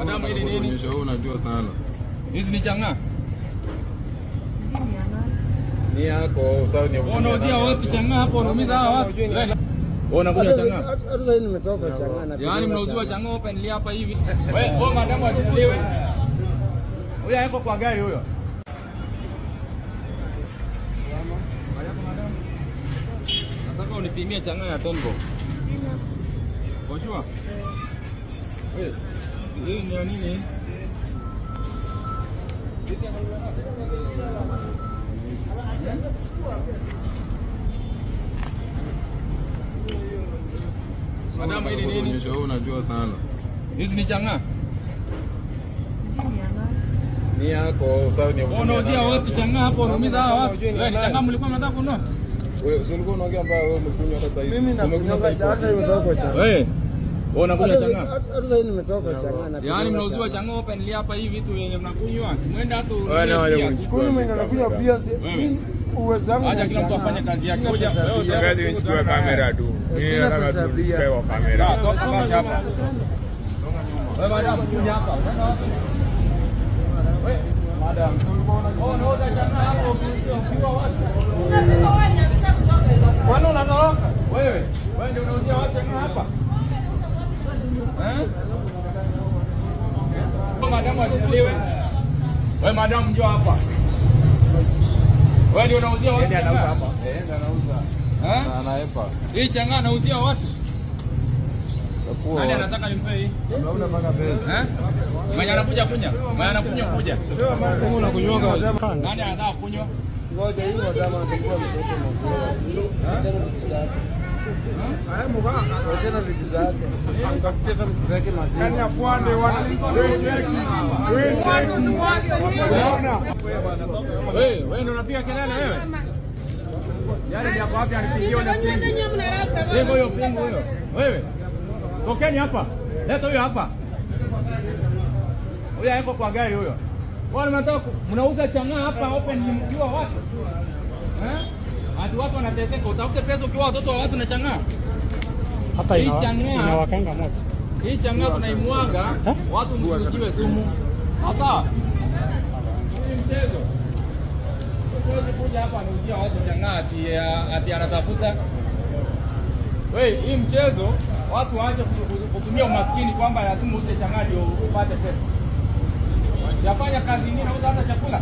Madamu, hili nini? Unajua sana. Hizi ni chang'aa ni yako unauzia watu chang'aa hapo, unaumiza hawa watu. Yaani, Unakunywa chang'aa. Hata sasa nimetoka chang'aa. Yaani mnauziwa chang'aa open hapa hivi. Wewe wewe madamu atuliwe. Huyo hayuko kwa gari huyo. Nataka unipimie chang'aa ya Tongo. Unajua? Madam, hili nini? Unajua sana. Hizi ni chang'aa? Ni yako, sawa ni. Unauzia watu chang'aa hapo, unaumiza hawa watu. Wewe ni chang'aa mlikuwa mnataka kununua? Wewe usilikuwa unaongea mbaya wewe umekunywa hata sasa hivi. Mimi na umekunywa sasa hivi. Wewe Yaani mnauziwa Chang'aa open ile hapa hii vitu yenye mnakunywa. Simwenda hata Acha kila mtu afanye kazi yake. Wewe unachukua kamera tu. Mimi nataka tu nichukue wa kamera. Toka basi hapa. Wewe madam kuja hapa. Wewe madam, oh no, Chang'aa hapo ukiwa wapi? Kwani unatoroka? Wewe, wewe ndio unauzia watu Chang'aa hapa? Madamu anunuliwe. Wewe madamu njoo hapa. Wewe ndio unauzia watu. Anauza hapa. Eh, anauza. Eh? Anaepa. Hii changa anauzia watu. Nani anataka nimpe hii? Unaona mpaka pesa. Eh? Mwenye anakuja kunya. Mwenye anakunywa kuja. Wewe unakunywa. Nani anataka kunywa? Ngoja hiyo madamu atakuwa mtoto mmoja wewe ndio Tokeni hapa. Leta huyo hapa. Huyo yuko kwa gari huyo. mnataka mnauza chang'aa hapa open mkiwa watu wakati watu wanateseka, utafute pesa ukiwa watoto wa watu na changaa. Hapa hii changaa inawakanga moto, hii changaa tunaimwaga watu msikiwe sumu. Sasa hii mchezo huwezi kuja hapa anaujia watu changaa ati eh, ati anatafuta wewe. Hii mchezo watu waache kutumia umaskini kwamba lazima uje changaa ndio upate pesa. Yafanya kazi nyingine, hata chakula.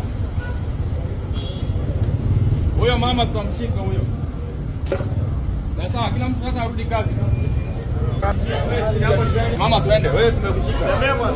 Huyo mama tutamshika huyo. Sasa kila mtu sasa arudi kazi. Mama tuende, wewe tumekushika.